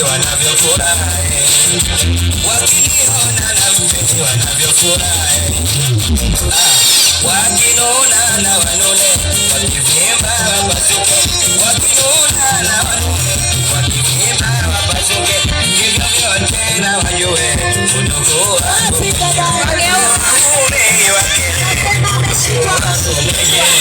jinsi wanavyofurahi, wakiona na jinsi wanavyofurahi, wakinona na wanune, wakivimba wapasuke, wakinona na wanune, wakivimba wapasuke, hivyo na wajue udugu wangu mume wake, si wangu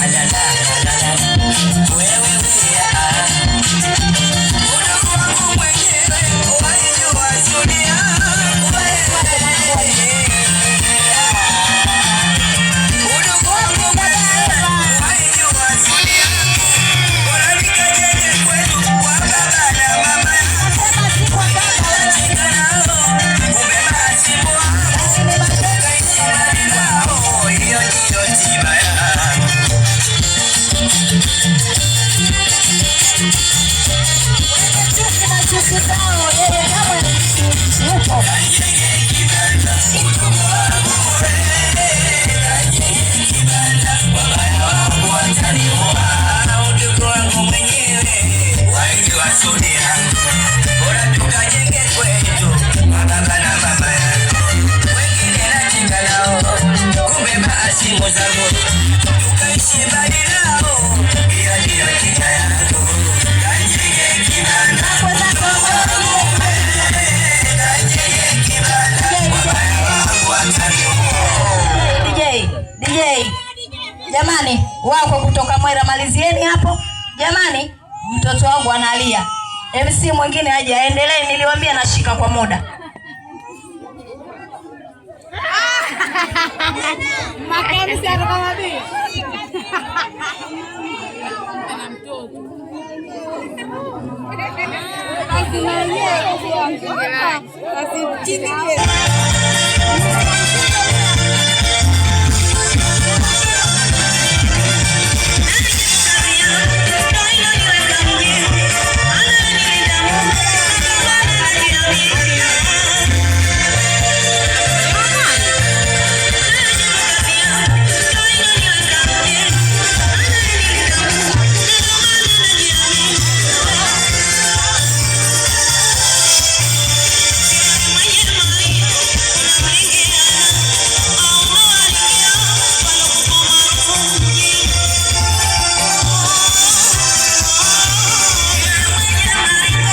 la la la mwenyewe, wengi DJ, DJ, jamani wako kutoka Mwera, malizieni hapo. Jamani, mtoto wangu analia. MC mwingine aje aendelee, niliwaambia nashika kwa muda.